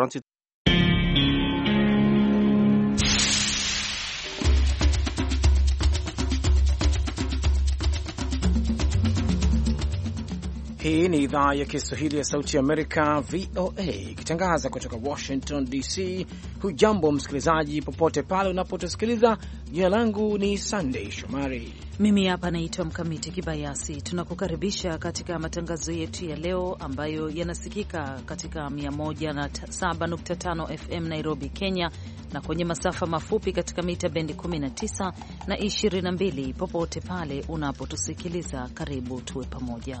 franzi Hii ni idhaa ya Kiswahili ya Sauti ya Amerika, VOA, ikitangaza kutoka Washington DC. Hujambo msikilizaji, popote pale unapotusikiliza. Jina langu ni Sandei Shomari, mimi hapa naitwa Mkamiti Kibayasi. Tunakukaribisha katika matangazo yetu ya leo ambayo yanasikika katika 107.5 FM Nairobi, Kenya, na kwenye masafa mafupi katika mita bendi 19 na 22. Popote pale unapotusikiliza, karibu tuwe pamoja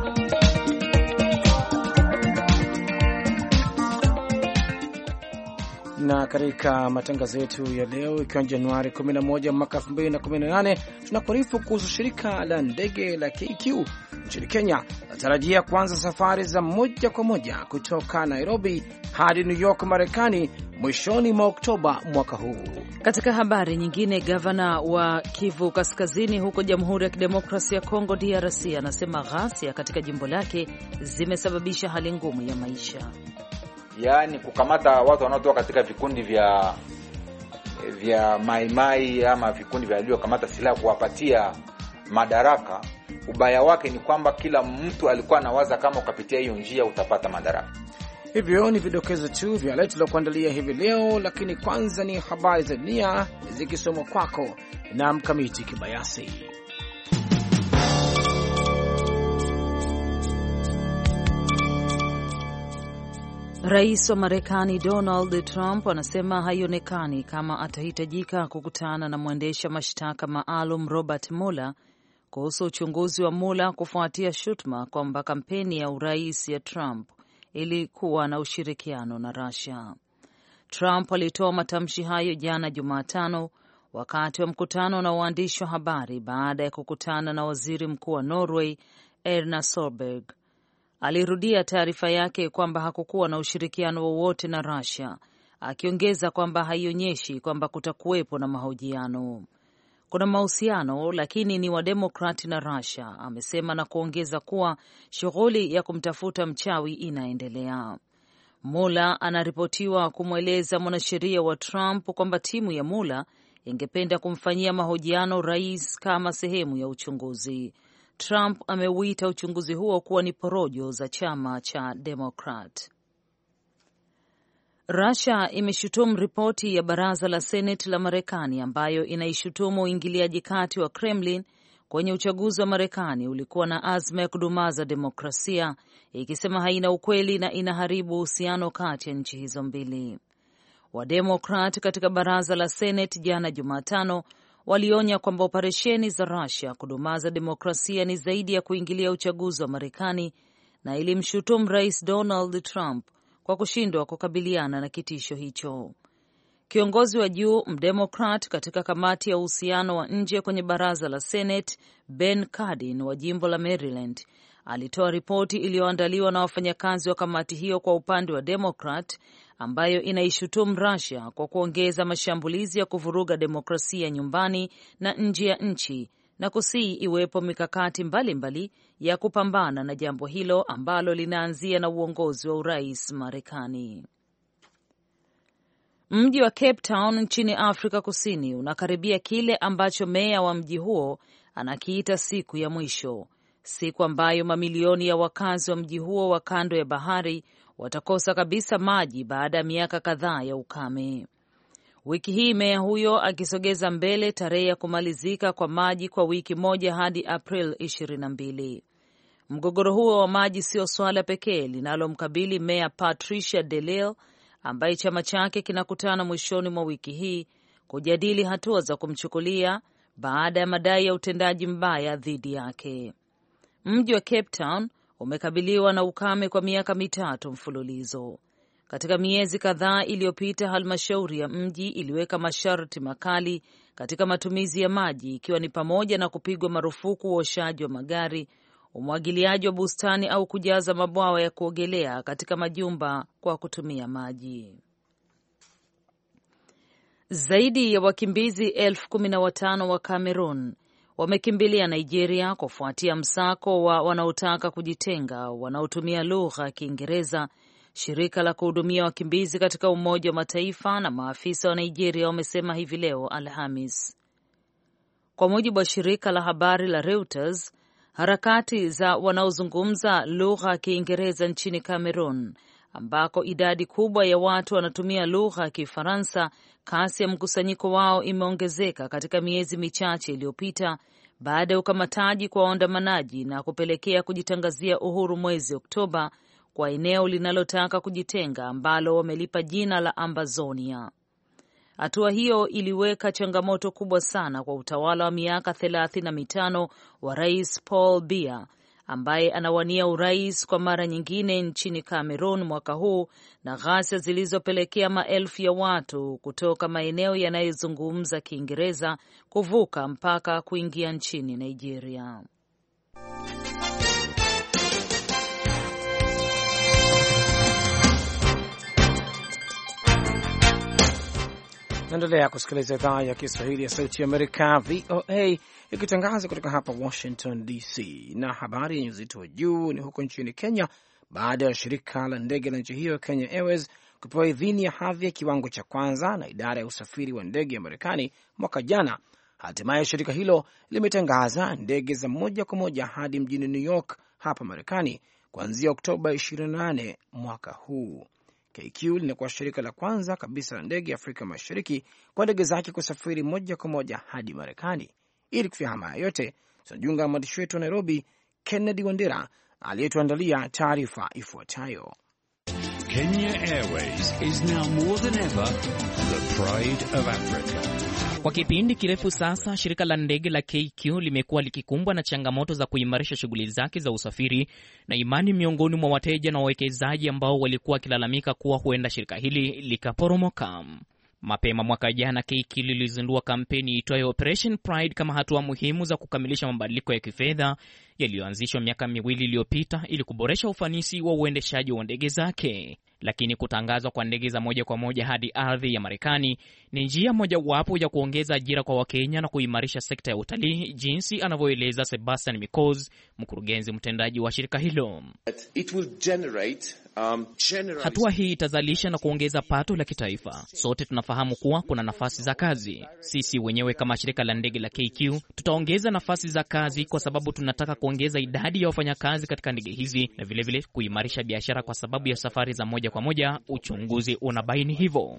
na katika matangazo yetu ya leo, ikiwa Januari 11 mwaka 2018, tunakuarifu kuhusu shirika la ndege la KQ nchini Kenya natarajia kuanza safari za moja kwa moja kutoka Nairobi hadi New York, Marekani mwishoni mwa Oktoba mwaka huu. Katika habari nyingine, gavana wa Kivu Kaskazini huko Jamhuri ya Kidemokrasia ya Kongo DRC anasema ghasia katika jimbo lake zimesababisha hali ngumu ya maisha yaani kukamata watu wanaotoka katika vikundi vya vya maimai ama vikundi vya waliokamata silaha kuwapatia madaraka. Ubaya wake ni kwamba kila mtu alikuwa anawaza kama ukapitia hiyo njia utapata madaraka. Hivyo ni vidokezo tu vya letu la kuandalia hivi leo, lakini kwanza ni habari za dunia zikisomwa kwako na Mkamiti Kibayasi. Rais wa Marekani Donald Trump anasema haionekani kama atahitajika kukutana na mwendesha mashtaka maalum Robert Mueller kuhusu uchunguzi wa Mueller kufuatia shutuma kwamba kampeni ya urais ya Trump ilikuwa na ushirikiano na Russia. Trump alitoa matamshi hayo jana Jumatano wakati wa mkutano na waandishi wa habari baada ya kukutana na waziri mkuu wa Norway Erna Solberg alirudia taarifa yake kwamba hakukuwa na ushirikiano wowote na Russia, akiongeza kwamba haionyeshi kwamba kutakuwepo na mahojiano. Kuna mahusiano lakini ni Wademokrati na Russia, amesema na kuongeza kuwa shughuli ya kumtafuta mchawi inaendelea. mula anaripotiwa kumweleza mwanasheria wa Trump kwamba timu ya mula ingependa kumfanyia mahojiano rais kama sehemu ya uchunguzi. Trump ameuita uchunguzi huo kuwa ni porojo za chama cha Demokrat. rusia imeshutumu ripoti ya baraza la Seneti la Marekani ambayo inaishutumu uingiliaji kati wa Kremlin kwenye uchaguzi wa Marekani ulikuwa na azma ya kudumaza demokrasia, ikisema haina ukweli na inaharibu uhusiano kati ya nchi hizo mbili. Wademokrat katika baraza la Seneti jana Jumatano walionya kwamba operesheni za Russia kudumaza demokrasia ni zaidi ya kuingilia uchaguzi wa Marekani na ilimshutumu Rais Donald Trump kwa kushindwa kukabiliana na kitisho hicho. Kiongozi wa juu mdemokrat katika kamati ya uhusiano wa nje kwenye baraza la Senate, Ben Cardin wa jimbo la Maryland alitoa ripoti iliyoandaliwa na wafanyakazi wa kamati hiyo kwa upande wa Demokrat ambayo inaishutumu Russia kwa kuongeza mashambulizi ya kuvuruga demokrasia nyumbani na nje ya nchi na kusii iwepo mikakati mbalimbali mbali ya kupambana na jambo hilo ambalo linaanzia na uongozi wa urais Marekani. Mji wa Cape Town nchini Afrika Kusini unakaribia kile ambacho meya wa mji huo anakiita siku ya mwisho, siku ambayo mamilioni ya wakazi wa mji huo wa kando ya bahari watakosa kabisa maji baada ya miaka kadhaa ya ukame. Wiki hii meya huyo akisogeza mbele tarehe ya kumalizika kwa maji kwa wiki moja hadi April 22. Mgogoro huo wa maji sio suala pekee linalomkabili meya Patricia de Lille ambaye chama chake kinakutana mwishoni mwa wiki hii kujadili hatua za kumchukulia baada ya madai ya utendaji mbaya dhidi yake. Mji wa Cape Town umekabiliwa na ukame kwa miaka mitatu mfululizo. Katika miezi kadhaa iliyopita, halmashauri ya mji iliweka masharti makali katika matumizi ya maji, ikiwa ni pamoja na kupigwa marufuku uoshaji wa, magari, umwagiliaji wa bustani au kujaza mabwawa ya kuogelea katika majumba kwa kutumia maji. Zaidi ya wakimbizi elfu kumi na watano wa Cameroon wamekimbilia Nigeria kufuatia msako wa wanaotaka kujitenga wanaotumia lugha ya Kiingereza. Shirika la kuhudumia wakimbizi katika Umoja wa Mataifa na maafisa wa Nigeria wamesema hivi leo Alhamis, kwa mujibu wa shirika la habari la Reuters. Harakati za wanaozungumza lugha ya Kiingereza nchini Cameroon ambako idadi kubwa ya watu wanatumia lugha ya Kifaransa, kasi ya mkusanyiko wao imeongezeka katika miezi michache iliyopita baada ya ukamataji kwa waandamanaji na kupelekea kujitangazia uhuru mwezi Oktoba kwa eneo linalotaka kujitenga ambalo wamelipa jina la Ambazonia. Hatua hiyo iliweka changamoto kubwa sana kwa utawala wa miaka thelathini na mitano wa Rais Paul Biya ambaye anawania urais kwa mara nyingine nchini Cameroon mwaka huu na ghasia zilizopelekea maelfu ya watu kutoka maeneo yanayozungumza Kiingereza kuvuka mpaka kuingia nchini Nigeria. Naendelea kusikiliza idhaa ya Kiswahili ya Sauti ya Amerika, VOA ikitangaza kutoka hapa Washington DC. Na habari yenye uzito wa juu ni huko nchini Kenya, baada ya shirika la ndege la nchi hiyo Kenya Airways kupewa idhini ya hadhi ya kiwango cha kwanza na idara ya usafiri wa ndege ya Marekani mwaka jana, hatimaye shirika hilo limetangaza ndege za moja kwa moja hadi mjini New York hapa Marekani kuanzia Oktoba 28 mwaka huu. KQ linakuwa shirika la kwanza kabisa la ndege Afrika Mashariki kwa ndege zake kusafiri moja kwa moja hadi Marekani ili kufahamu haya yote, tunajiunga na mwandishi wetu wa Nairobi, Kennedy Wandera, aliyetuandalia taarifa ifuatayo. Kenya Airways is now more than ever the pride of Africa. Kwa kipindi kirefu sasa shirika la ndege la KQ limekuwa likikumbwa na changamoto za kuimarisha shughuli zake za usafiri na imani miongoni mwa wateja na wawekezaji ambao walikuwa wakilalamika kuwa huenda shirika hili likaporomoka. Mapema mwaka jana, KQ lilizindua kampeni iitwayo Operation Pride kama hatua muhimu za kukamilisha mabadiliko ya kifedha yaliyoanzishwa miaka miwili iliyopita ili kuboresha ufanisi wa uendeshaji wa ndege zake. Lakini kutangazwa kwa ndege za moja kwa moja hadi ardhi ya Marekani ni njia mojawapo ya kuongeza ajira kwa Wakenya na kuimarisha sekta ya utalii, jinsi anavyoeleza Sebastian Mikoz, mkurugenzi mtendaji wa shirika hilo. It will generate, um, generalize... hatua hii itazalisha na kuongeza pato la kitaifa. Sote tunafahamu kuwa kuna nafasi za kazi. Sisi wenyewe kama shirika la ndege la KQ tutaongeza nafasi za kazi kwa sababu tunataka kuongeza idadi ya wafanyakazi katika ndege hizi na vilevile kuimarisha biashara kwa sababu ya safari za moja kwa moja. Uchunguzi unabaini hivyo.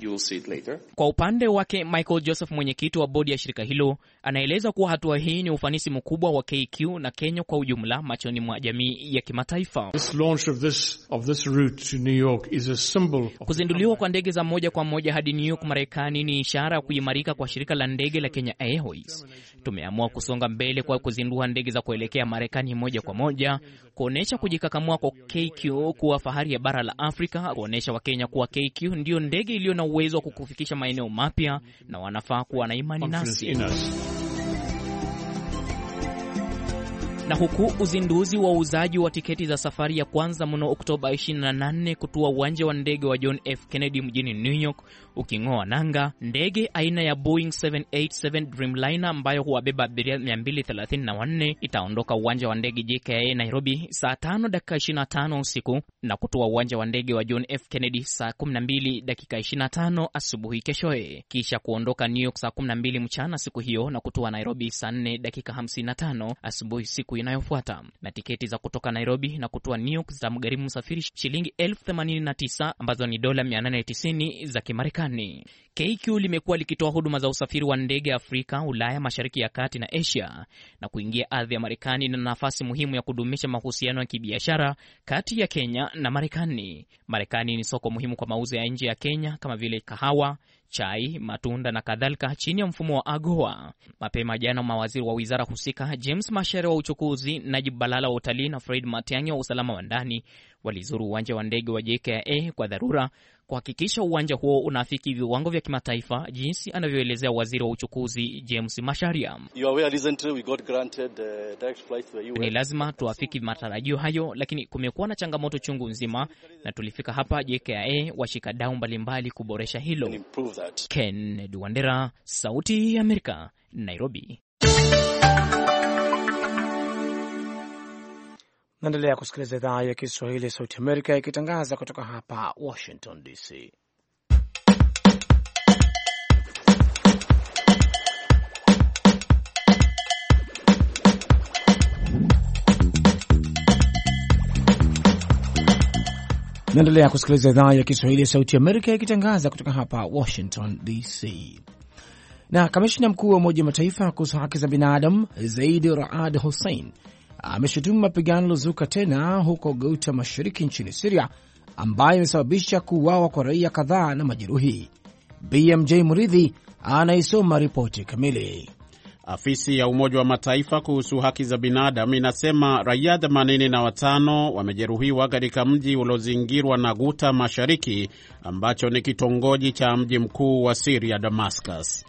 Kwa upande wake, Michael Joseph, mwenyekiti wa bodi ya shirika hilo, anaeleza kuwa hatua hii ni ufanisi mkubwa wa KQ na Kenya kwa ujumla machoni mwa jamii ya kimataifa. Kuzinduliwa kwa ndege za moja kwa moja hadi New York, Marekani ni ishara ya kuimarika kwa shirika la ndege la Kenya Airways. Tumeamua kusonga mbele kwa kuzindua ndege za kuelekea Marekani Marekani moja kwa moja, kuonyesha kujikakamua kwa KQ kuwa fahari ya bara la Afrika, kuonyesha Wakenya kuwa KQ ndiyo ndege iliyo na uwezo wa kukufikisha maeneo mapya na wanafaa kuwa na imani nasi. Na huku uzinduzi wa uuzaji wa tiketi za safari ya kwanza mno Oktoba 28 kutua uwanja wa ndege wa John F Kennedy mjini New York uking'oa nanga, ndege aina ya Boeing 787 Dreamliner ambayo huwabeba abiria 234 itaondoka uwanja wa ndege JKA Nairobi saa 5 dakika 25 usiku na kutua uwanja wa ndege wa John F Kennedy saa 12 dakika 25 asubuhi keshoe kisha kuondoka New York saa 12 mchana siku hiyo na kutua Nairobi saa 4 dakika 55 asubuhi siku inayofuata. Na tiketi za kutoka Nairobi na kutua New York zitamgharimu msafiri shilingi elfu themanini na tisa ambazo ni dola 890 za Kimarekani. KQ limekuwa likitoa huduma za usafiri wa ndege Afrika, Ulaya, Mashariki ya Kati na Asia, na kuingia ardhi ya Marekani na nafasi muhimu ya kudumisha mahusiano ya kibiashara kati ya Kenya na Marekani. Marekani ni soko muhimu kwa mauzo ya nje ya Kenya kama vile kahawa, chai, matunda na kadhalika chini ya mfumo wa AGOA. Mapema jana mawaziri wa wizara husika James Mashere wa uchukuzi, Najib Balala wa utalii na Fred Matiang'i wa usalama wa ndani walizuru uwanja wa ndege wa jka kwa dharura kuhakikisha uwanja huo unaafiki viwango vya kimataifa, jinsi anavyoelezea waziri wa uchukuzi James Masharia. Uh, Ni lazima tuafiki matarajio hayo, lakini kumekuwa na changamoto chungu nzima, na tulifika hapa washika washikadau mbalimbali kuboresha hilo. Kennedy Wandera, Sauti ya Amerika, Nairobi. Naendelea kusikiliza idhaa ya Kiswahili ya Sauti Amerika ikitangaza kutoka hapa Washington DC. Naendelea kusikiliza idhaa ya Kiswahili ya Sauti Amerika ikitangaza kutoka hapa Washington DC. Na kamishina mkuu wa Umoja wa Mataifa kuhusu haki za binadamu Zaid Raad Hussein ameshutumu mapigano yaliyozuka tena huko Geuta mashariki nchini Siria ambayo imesababisha kuuawa kwa raia kadhaa na majeruhi. BMJ Muridhi anaisoma ripoti kamili. Afisi ya Umoja wa Mataifa kuhusu haki za binadamu inasema raia 85 wamejeruhiwa katika mji uliozingirwa na Guta mashariki ambacho ni kitongoji cha mji mkuu wa Siria, Damascus.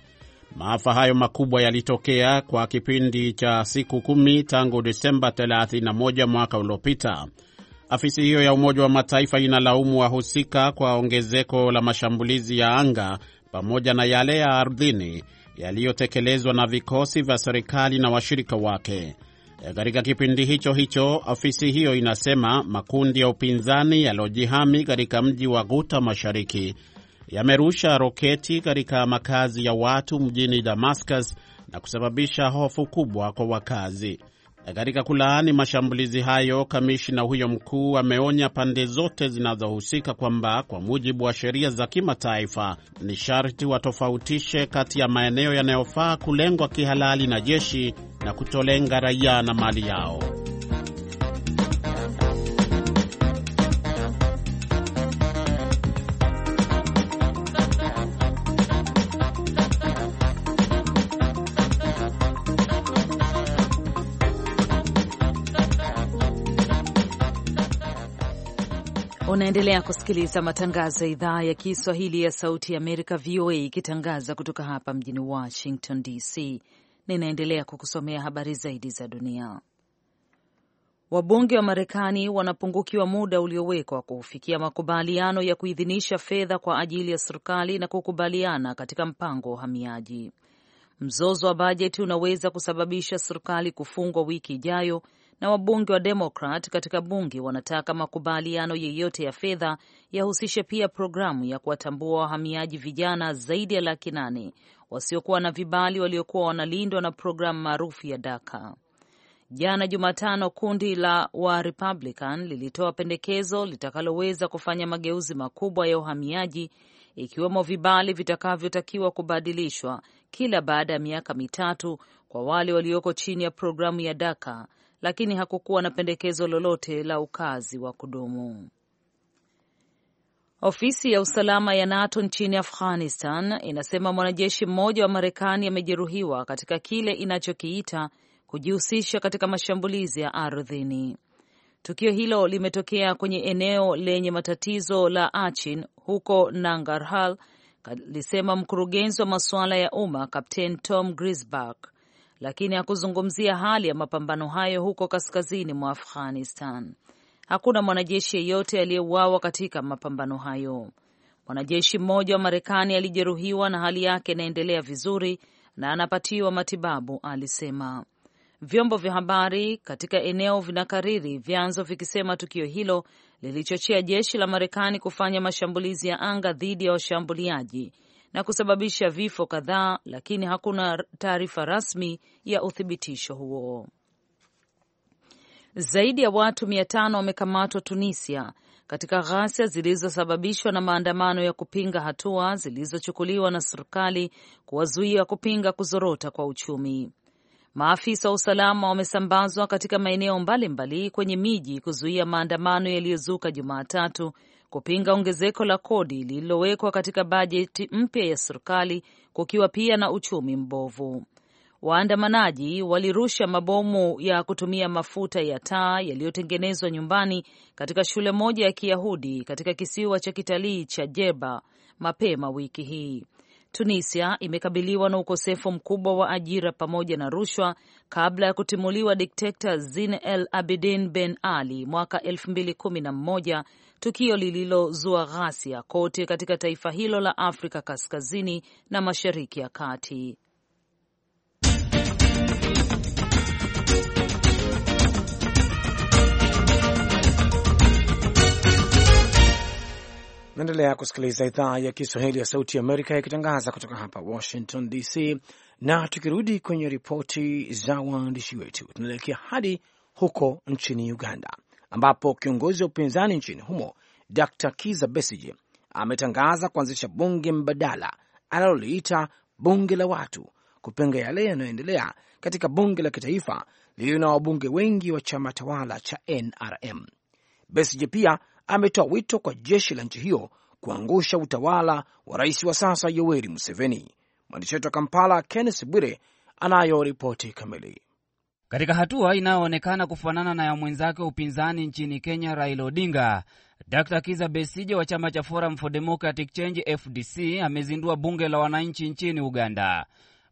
Maafa hayo makubwa yalitokea kwa kipindi cha siku kumi tangu Disemba 31 mwaka uliopita. Afisi hiyo ya Umoja wa Mataifa inalaumu wahusika kwa ongezeko la mashambulizi ya anga pamoja na yale ya ardhini yaliyotekelezwa na vikosi vya serikali na washirika wake. Katika kipindi hicho hicho, afisi hiyo inasema makundi ya upinzani yaliyojihami katika mji wa Guta mashariki yamerusha roketi katika makazi ya watu mjini Damascus na kusababisha hofu kubwa kwa wakazi. Katika kulaani mashambulizi hayo, kamishina huyo mkuu ameonya pande zote zinazohusika kwamba kwa mujibu wa sheria za kimataifa ni sharti watofautishe kati ya maeneo yanayofaa kulengwa kihalali na jeshi na kutolenga raia na mali yao. Unaendelea kusikiliza matangazo ya idhaa ya Kiswahili ya Sauti ya Amerika, VOA, ikitangaza kutoka hapa mjini Washington DC. Ninaendelea kukusomea habari zaidi za dunia. Wabunge wa Marekani wanapungukiwa muda uliowekwa kufikia makubaliano ya kuidhinisha fedha kwa ajili ya serikali na kukubaliana katika mpango wa uhamiaji. Mzozo wa bajeti unaweza kusababisha serikali kufungwa wiki ijayo na wabunge wa Demokrat katika bunge wanataka makubaliano yeyote ya fedha yahusishe pia programu ya kuwatambua wahamiaji vijana zaidi ya laki nane wasiokuwa na vibali waliokuwa wanalindwa na programu maarufu ya DACA. Jana Jumatano, kundi la wa Republican lilitoa pendekezo litakaloweza kufanya mageuzi makubwa ya uhamiaji, ikiwemo vibali vitakavyotakiwa kubadilishwa kila baada ya miaka mitatu kwa wale walioko chini ya programu ya DACA lakini hakukuwa na pendekezo lolote la ukazi wa kudumu. Ofisi ya usalama ya NATO nchini Afghanistan inasema mwanajeshi mmoja wa Marekani amejeruhiwa katika kile inachokiita kujihusisha katika mashambulizi ya ardhini. Tukio hilo limetokea kwenye eneo lenye matatizo la Achin huko Nangarhar, alisema mkurugenzi wa masuala ya umma kapten Tom Grisbach lakini hakuzungumzia hali ya mapambano hayo huko kaskazini mwa Afghanistan. Hakuna mwanajeshi yeyote aliyeuawa katika mapambano hayo. Mwanajeshi mmoja wa Marekani alijeruhiwa na hali yake inaendelea vizuri na anapatiwa matibabu, alisema. Vyombo vya habari katika eneo vinakariri vyanzo vikisema tukio hilo lilichochea jeshi la Marekani kufanya mashambulizi ya anga dhidi ya washambuliaji na kusababisha vifo kadhaa, lakini hakuna taarifa rasmi ya uthibitisho huo. Zaidi ya watu mia tano wamekamatwa Tunisia katika ghasia zilizosababishwa na maandamano ya kupinga hatua zilizochukuliwa na serikali kuwazuia kupinga kuzorota kwa uchumi. Maafisa wa usalama wamesambazwa katika maeneo mbalimbali kwenye miji kuzuia maandamano yaliyozuka Jumatatu kupinga ongezeko la kodi lililowekwa katika bajeti mpya ya serikali, kukiwa pia na uchumi mbovu. Waandamanaji walirusha mabomu ya kutumia mafuta ya taa yaliyotengenezwa nyumbani katika shule moja ya Kiyahudi katika kisiwa cha kitalii cha Jeba mapema wiki hii. Tunisia imekabiliwa na ukosefu mkubwa wa ajira pamoja na rushwa kabla ya kutimuliwa dikteta Zine El Abidin Ben Ali mwaka 2011 tukio lililozua ghasia kote katika taifa hilo la Afrika Kaskazini na Mashariki ya Kati. Naendelea kusikiliza idhaa ya Kiswahili ya Sauti Amerika ikitangaza kutoka hapa Washington DC. Na tukirudi kwenye ripoti za waandishi wetu, tunaelekea hadi huko nchini Uganda ambapo kiongozi wa upinzani nchini humo Dr Kiza Besige ametangaza kuanzisha bunge mbadala analoliita bunge la watu kupinga yale yanayoendelea katika bunge la kitaifa lililo na wabunge wengi wa chama tawala cha NRM. Besige pia ametoa wito kwa jeshi la nchi hiyo kuangusha utawala wa rais wa sasa Yoweri Museveni. Mwandishi wetu wa Kampala, Kenneth Bwire, anayo ripoti kamili. Katika hatua inayoonekana kufanana na ya mwenzake upinzani nchini Kenya, Raila Odinga, Dr Kiza Besije wa chama cha Forum for Democratic Change FDC amezindua bunge la wananchi nchini Uganda.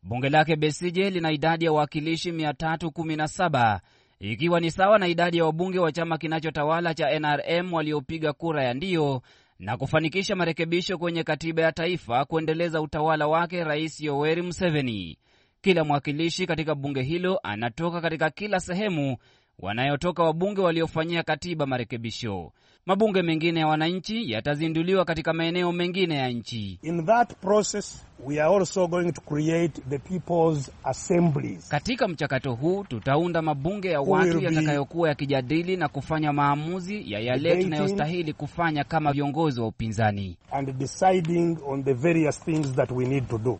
Bunge lake Besije lina idadi ya wawakilishi 317 ikiwa ni sawa na idadi ya wabunge wa chama kinachotawala cha NRM waliopiga kura ya ndio na kufanikisha marekebisho kwenye katiba ya taifa kuendeleza utawala wake Rais Yoweri Museveni. Kila mwakilishi katika bunge hilo anatoka katika kila sehemu wanayotoka wabunge waliofanyia katiba marekebisho mabunge mengine ya wananchi yatazinduliwa katika maeneo mengine ya nchi. In that process, we are also going to create the people's assemblies. Katika mchakato huu tutaunda mabunge ya watu yatakayokuwa yakijadili na kufanya maamuzi ya yale tunayostahili kufanya kama viongozi wa upinzani. And deciding on the various things that we need to do.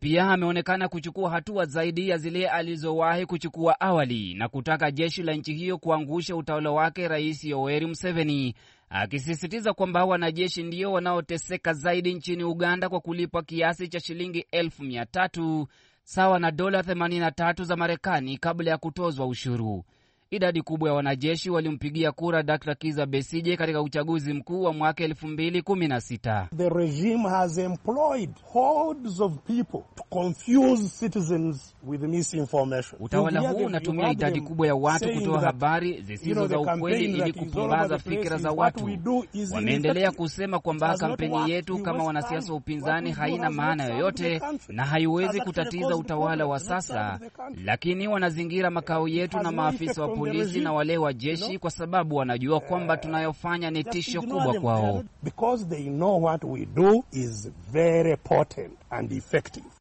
pia ameonekana kuchukua hatua zaidi ya zile alizowahi kuchukua awali na kutaka jeshi la nchi hiyo kuangusha utawala wake Rais Yoweri Museveni akisisitiza kwamba wanajeshi ndio wanaoteseka zaidi nchini Uganda kwa kulipwa kiasi cha shilingi elfu mia tatu sawa na dola 83 za Marekani kabla ya kutozwa ushuru. Idadi kubwa ya wanajeshi walimpigia kura Dr Kiza Besije katika uchaguzi mkuu wa mwaka elfu mbili kumi na sita. Utawala huu unatumia idadi kubwa ya watu kutoa habari zisizo za ukweli ili kupumbaza fikira za watu. Wameendelea kusema kwamba kampeni yetu kama wanasiasa wa upinzani haina maana yoyote na haiwezi kutatiza utawala wa sasa, lakini wanazingira makao yetu na maafisa wa polisi na wale wa jeshi kwa sababu wanajua eh, kwamba tunayofanya ni tisho kubwa kwao.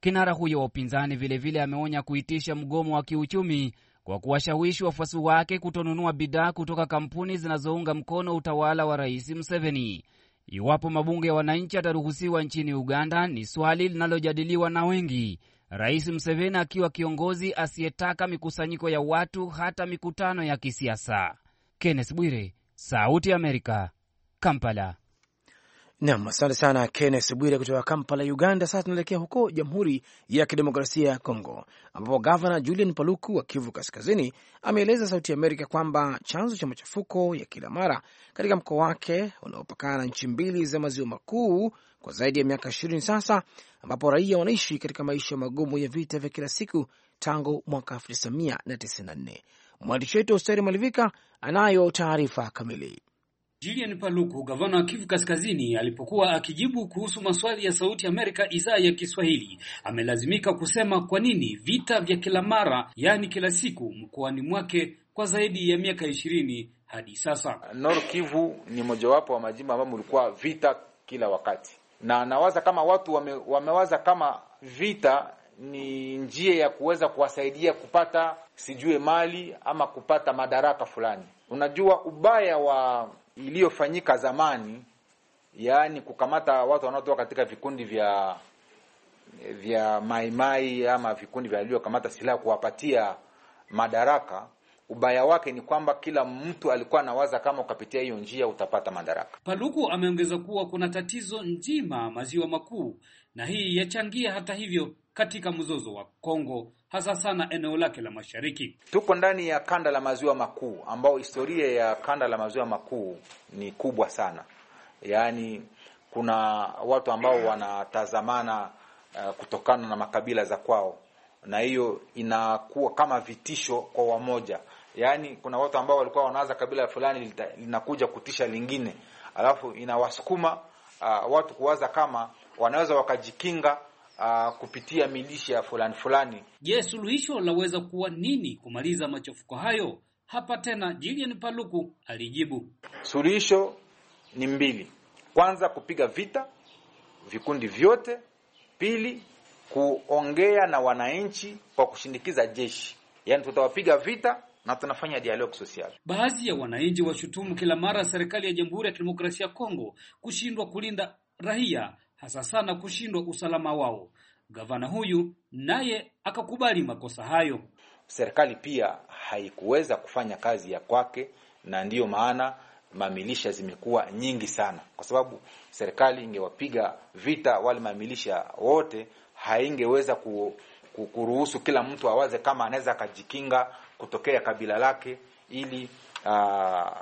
Kinara huyo wa upinzani vilevile ameonya kuitisha mgomo wa kiuchumi kwa kuwashawishi wafuasi wake kutonunua bidhaa kutoka kampuni zinazounga mkono utawala wa Rais Museveni. Iwapo mabunge ya wananchi yataruhusiwa nchini Uganda ni swali linalojadiliwa na wengi. Rais Museveni akiwa kiongozi asiyetaka mikusanyiko ya watu hata mikutano ya kisiasa. Kenneth Bwire, Sauti ya Amerika, Kampala. Nam, asante sana Kennes Bwire kutoka Kampala, Uganda. Sasa tunaelekea huko Jamhuri ya Kidemokrasia ya Kongo, ambapo gavana Julian Paluku wa Kivu Kaskazini ameeleza Sauti ya Amerika kwamba chanzo cha machafuko ya kila mara katika mkoa wake unaopakana na nchi mbili za maziwa makuu kwa zaidi ya miaka ishirini sasa ambapo raia wanaishi katika maisha magumu ya vita vya kila siku tangu mwaka 1994. Mwandishi wetu Hosteri Malivika anayo taarifa kamili. Julian Paluku, gavana wa Kivu Kaskazini, alipokuwa akijibu kuhusu maswali ya Sauti Amerika idhaa ya Kiswahili, amelazimika kusema kwa nini vita vya kila mara, yaani kila siku, mkoani mwake kwa zaidi ya miaka ishirini hadi sasa. Nord Kivu ni mojawapo wa majimbo ambayo mlikuwa vita kila wakati na nawaza kama watu wame, wamewaza kama vita ni njia ya kuweza kuwasaidia kupata sijue mali ama kupata madaraka fulani. Unajua ubaya wa iliyofanyika zamani, yaani kukamata watu wanaotoka katika vikundi vya vya maimai ama vikundi vya waliokamata silaha kuwapatia madaraka, Ubaya wake ni kwamba kila mtu alikuwa anawaza kama ukapitia hiyo njia utapata madaraka. Paluku ameongeza kuwa kuna tatizo njima maziwa makuu, na hii yachangia hata hivyo katika mzozo wa Kongo, hasa sana eneo lake la mashariki. Tuko ndani ya kanda la maziwa makuu, ambao historia ya kanda la maziwa makuu ni kubwa sana, yaani kuna watu ambao wanatazamana uh, kutokana na makabila za kwao, na hiyo inakuwa kama vitisho kwa wamoja yaani kuna watu ambao walikuwa wanaanza kabila fulani linakuja kutisha lingine, alafu inawasukuma uh, watu kuwaza kama wanaweza wakajikinga uh, kupitia milisha fulani fulani. Je, suluhisho laweza kuwa nini kumaliza machafuko hayo? Hapa tena Julian Paluku alijibu, suluhisho ni mbili. Kwanza, kupiga vita vikundi vyote; pili, kuongea na wananchi kwa kushindikiza jeshi, yaani tutawapiga vita na tunafanya dialog social. Baadhi ya wananchi washutumu kila mara serikali ya Jamhuri ya Kidemokrasia ya Kongo kushindwa kulinda raia, hasa sana kushindwa usalama wao. Gavana huyu naye akakubali makosa hayo. Serikali pia haikuweza kufanya kazi ya kwake, na ndiyo maana mamilisha zimekuwa nyingi sana, kwa sababu serikali ingewapiga vita wale mamilisha wote haingeweza ku kuruhusu kila mtu awaze kama anaweza akajikinga kutokea kabila lake ili uh,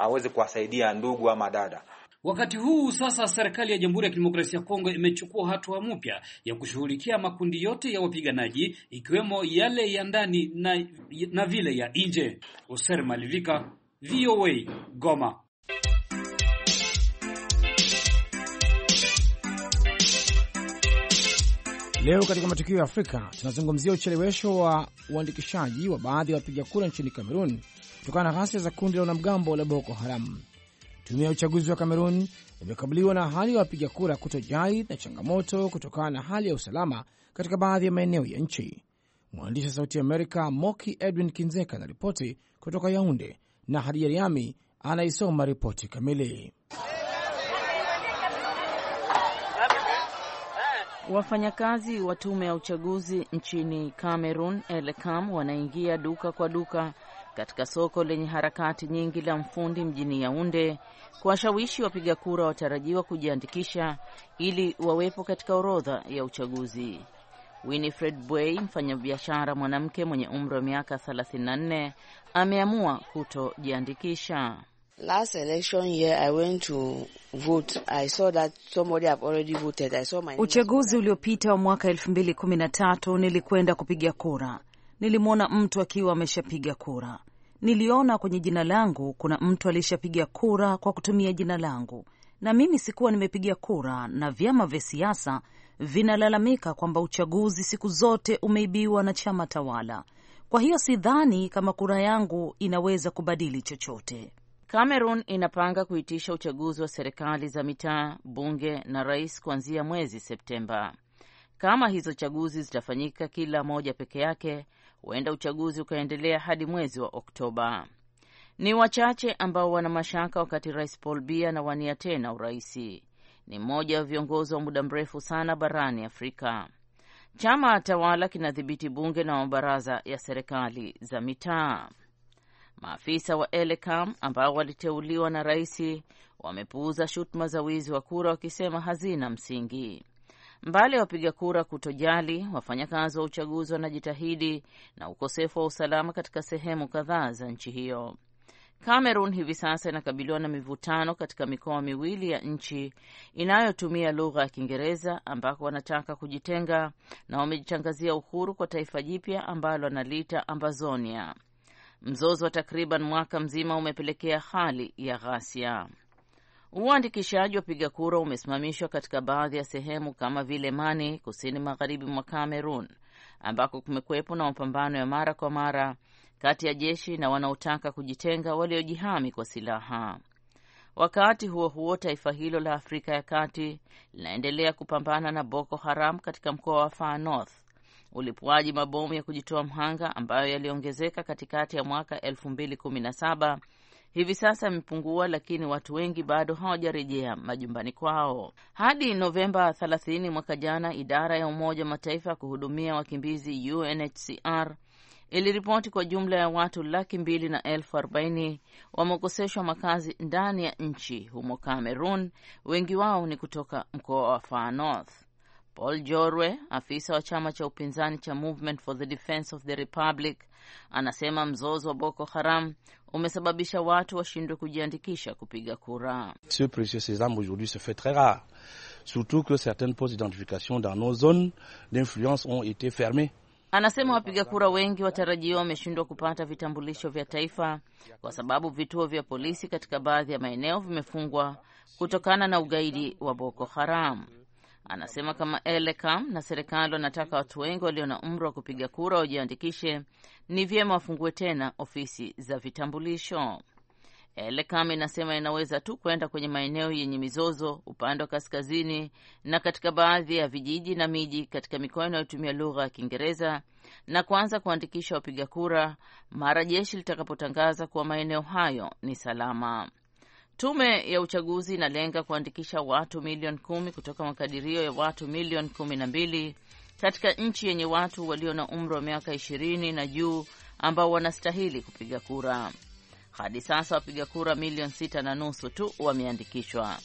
aweze kuwasaidia ndugu ama dada. Wakati huu sasa, serikali ya Jamhuri ya Kidemokrasia ya Kongo imechukua hatua mpya ya kushughulikia makundi yote ya wapiganaji ikiwemo yale ya ndani na, na vile ya nje. Oser Malivika, VOA Goma. Leo katika matukio ya Afrika tunazungumzia uchelewesho wa uandikishaji wa baadhi ya wapiga kura nchini Kamerun kutokana na ghasia za kundi la wanamgambo la Boko Haram. Tume ya uchaguzi wa Kamerun imekabiliwa na hali ya wapiga kura kutojali na changamoto kutokana na hali ya usalama katika baadhi ya maeneo ya nchi. Mwandishi wa Sauti Amerika Moki Edwin Kinzeka anaripoti kutoka Yaunde na Hadija Riami anaisoma ripoti kamili. Wafanyakazi wa tume ya uchaguzi nchini Cameroon Elecam wanaingia duka kwa duka katika soko lenye harakati nyingi la Mfundi mjini Yaunde kuwashawishi wapiga kura watarajiwa kujiandikisha ili wawepo katika orodha ya uchaguzi. Winifred Bwey, mfanyabiashara mwanamke mwenye umri wa miaka 34, ameamua kutojiandikisha. Last election year I went to vote. I saw that somebody have already voted. I saw my Uchaguzi uliopita wa mwaka 2013 nilikwenda kupiga kura. Nilimwona mtu akiwa ameshapiga kura. Niliona kwenye jina langu kuna mtu alishapiga kura kwa kutumia jina langu. Na mimi sikuwa nimepiga kura na vyama vya siasa vinalalamika kwamba uchaguzi siku zote umeibiwa na chama tawala. Kwa hiyo sidhani kama kura yangu inaweza kubadili chochote. Cameroon inapanga kuitisha uchaguzi wa serikali za mitaa, bunge na rais kuanzia mwezi Septemba. Kama hizo chaguzi zitafanyika kila moja peke yake, huenda uchaguzi ukaendelea hadi mwezi wa Oktoba. Ni wachache ambao wana mashaka wakati Rais Paul Biya anawania tena uraisi. Ni mmoja wa viongozi wa muda mrefu sana barani Afrika. Chama tawala kinadhibiti bunge na mabaraza ya serikali za mitaa. Maafisa wa Elecam ambao waliteuliwa na rais wamepuuza shutuma za wizi wa kura wakisema hazina msingi. Mbali ya wapiga kura kutojali, wafanyakazi wa uchaguzi wanajitahidi na ukosefu wa usalama katika sehemu kadhaa za nchi hiyo. Cameroon hivi sasa inakabiliwa na mivutano katika mikoa miwili ya nchi inayotumia lugha ya Kiingereza ambako wanataka kujitenga na wamejitangazia uhuru kwa taifa jipya ambalo analita Ambazonia. Mzozo wa takriban mwaka mzima umepelekea hali ya ghasia. Uandikishaji wa piga kura umesimamishwa katika baadhi ya sehemu kama vile Mani, kusini magharibi mwa Kamerun, ambako kumekuwepo na mapambano ya mara kwa mara kati ya jeshi na wanaotaka kujitenga waliojihami kwa silaha. Wakati huo huo, taifa hilo la Afrika ya Kati linaendelea kupambana na Boko Haram katika mkoa wa Far North ulipuaji mabomu ya kujitoa mhanga ambayo yaliongezeka katikati ya mwaka 2017 hivi sasa yamepungua, lakini watu wengi bado hawajarejea majumbani kwao. Hadi Novemba 30 mwaka jana, idara ya Umoja wa Mataifa ya kuhudumia wakimbizi UNHCR iliripoti kwa jumla ya watu laki mbili na elfu arobaini wamekoseshwa makazi ndani ya nchi humo Cameroon, wengi wao ni kutoka mkoa wa Far North. Paul Jorwe, afisa wa chama cha upinzani cha Movement for the Defense of the Republic, anasema mzozo wa Boko Haram umesababisha watu washindwe kujiandikisha kupiga kura. Ce aujourd'hui se fait très rare surtout que certaines postes d'identification dans nos zones d'influence ont été fermes. Anasema wapiga kura wengi watarajiwa wameshindwa kupata vitambulisho vya taifa kwa sababu vituo vya polisi katika baadhi ya maeneo vimefungwa kutokana na ugaidi wa Boko Haram. Anasema kama ELECAM na serikali wanataka watu wengi walio na umri wa kupiga kura wajiandikishe, ni vyema wafungue tena ofisi za vitambulisho. ELECAM inasema inaweza tu kwenda kwenye maeneo yenye mizozo upande wa kaskazini na katika baadhi ya vijiji na miji katika mikoa inayotumia lugha ya Kiingereza na kuanza kuandikisha wapiga kura mara jeshi litakapotangaza kuwa maeneo hayo ni salama. Tume ya uchaguzi inalenga kuandikisha watu milioni kumi kutoka makadirio ya watu milioni kumi na mbili katika nchi yenye watu walio na umri wa miaka ishirini na juu ambao wanastahili kupiga kura. Hadi sasa wapiga kura milioni sita na nusu tu wameandikishwa.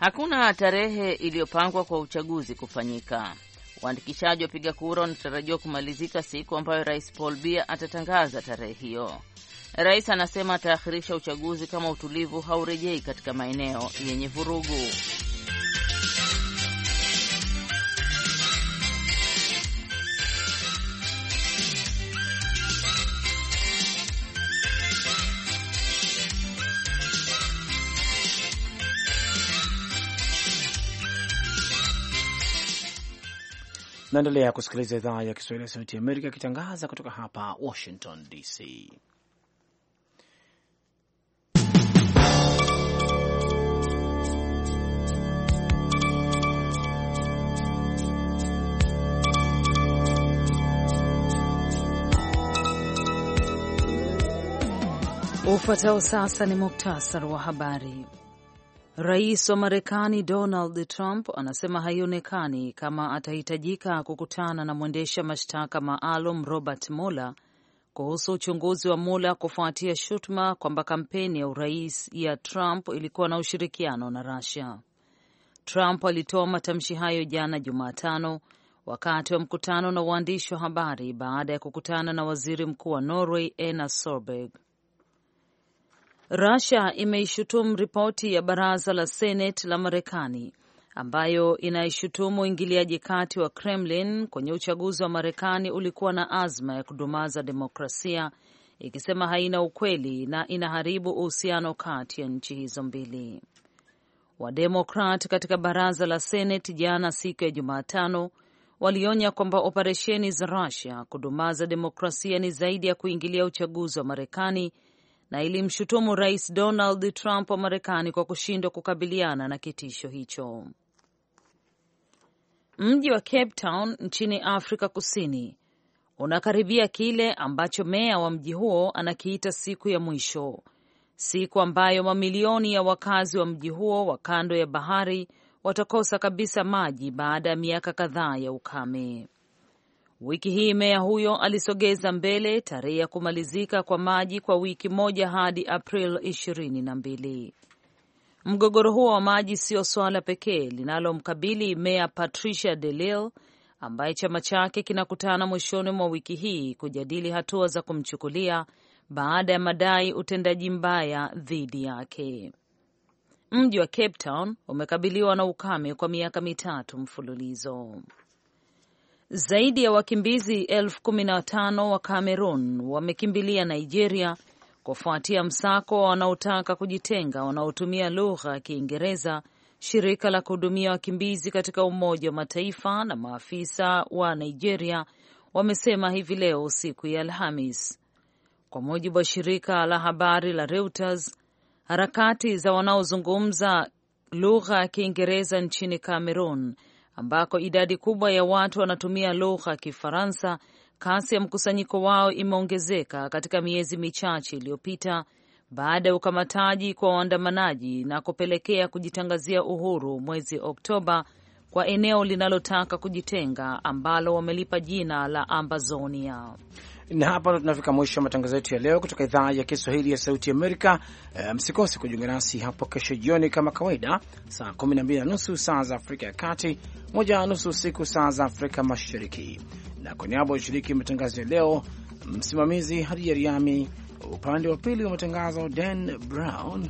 Hakuna tarehe iliyopangwa kwa uchaguzi kufanyika. Uandikishaji wa piga kura unatarajiwa kumalizika siku ambayo rais Paul bia atatangaza tarehe hiyo. Rais anasema ataakhirisha uchaguzi kama utulivu haurejei katika maeneo yenye vurugu. Naendelea kusikiliza idhaa ya Kiswahili ya Sauti ya Amerika ikitangaza kutoka hapa Washington DC. Ufuatao sasa ni muktasari wa habari. Rais wa Marekani Donald Trump anasema haionekani kama atahitajika kukutana na mwendesha mashtaka maalum Robert Mueller kuhusu uchunguzi wa Mueller kufuatia shutuma kwamba kampeni ya urais ya Trump ilikuwa na ushirikiano na Russia. Trump alitoa matamshi hayo jana Jumatano wakati wa mkutano na waandishi wa habari baada ya kukutana na waziri mkuu wa Norway Erna Solberg. Russia imeishutumu ripoti ya baraza la Senate la Marekani ambayo inaishutumu uingiliaji kati wa Kremlin kwenye uchaguzi wa Marekani ulikuwa na azma ya kudumaza demokrasia, ikisema haina ukweli na inaharibu uhusiano kati ya nchi hizo mbili. Wademokrat katika baraza la senet jana, siku ya Jumatano, walionya kwamba operesheni za russia kudumaza demokrasia ni zaidi ya kuingilia uchaguzi wa Marekani na ilimshutumu Rais Donald Trump wa Marekani kwa kushindwa kukabiliana na kitisho hicho. Mji wa Cape Town nchini Afrika Kusini unakaribia kile ambacho meya wa mji huo anakiita siku ya mwisho, siku ambayo mamilioni ya wakazi wa mji huo wa kando ya bahari watakosa kabisa maji baada ya miaka kadhaa ya ukame. Wiki hii meya huyo alisogeza mbele tarehe ya kumalizika kwa maji kwa wiki moja hadi April ishirini na mbili. Mgogoro huo wa maji sio suala pekee linalomkabili meya Patricia de Lille ambaye chama chake kinakutana mwishoni mwa wiki hii kujadili hatua za kumchukulia baada ya madai utendaji mbaya dhidi yake. Mji wa Cape Town umekabiliwa na ukame kwa miaka mitatu mfululizo. Zaidi ya wakimbizi elfu kumi na tano wa Cameroon wamekimbilia Nigeria kufuatia msako wa wanaotaka kujitenga wanaotumia lugha ya Kiingereza. Shirika la kuhudumia wakimbizi katika Umoja wa Mataifa na maafisa wa Nigeria wamesema hivi leo, siku ya Alhamis, kwa mujibu wa shirika la habari la Reuters. Harakati za wanaozungumza lugha ya Kiingereza nchini Cameroon ambako idadi kubwa ya watu wanatumia lugha ya Kifaransa, kasi ya mkusanyiko wao imeongezeka katika miezi michache iliyopita baada ya ukamataji kwa waandamanaji na kupelekea kujitangazia uhuru mwezi Oktoba kwa eneo linalotaka kujitenga ambalo wamelipa jina la Ambazonia. Na hapa ndo tunafika mwisho wa matangazo yetu ya leo kutoka idhaa ya Kiswahili ya Sauti Amerika. E, msikose kujiunga nasi hapo kesho jioni kama kawaida saa 12 na nusu saa za Afrika ya Kati, moja na nusu usiku saa za Afrika Mashariki. Na kwa niaba ya ushiriki matangazo ya leo, msimamizi Hadija Riami, upande wa pili wa matangazo Dan Brown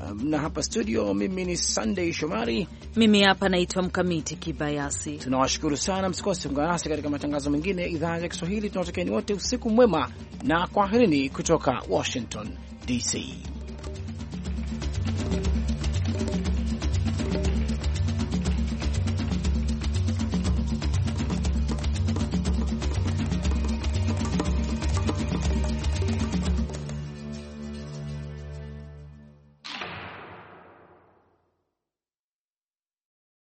Um, na hapa studio, mimi ni Sunday Shomari, mimi hapa naitwa Mkamiti Kibayasi. Tunawashukuru sana, msikose kuungana nasi katika matangazo mengine ya idhaa ya Kiswahili. Tunawatakieni wote usiku mwema na kwaherini kutoka Washington DC.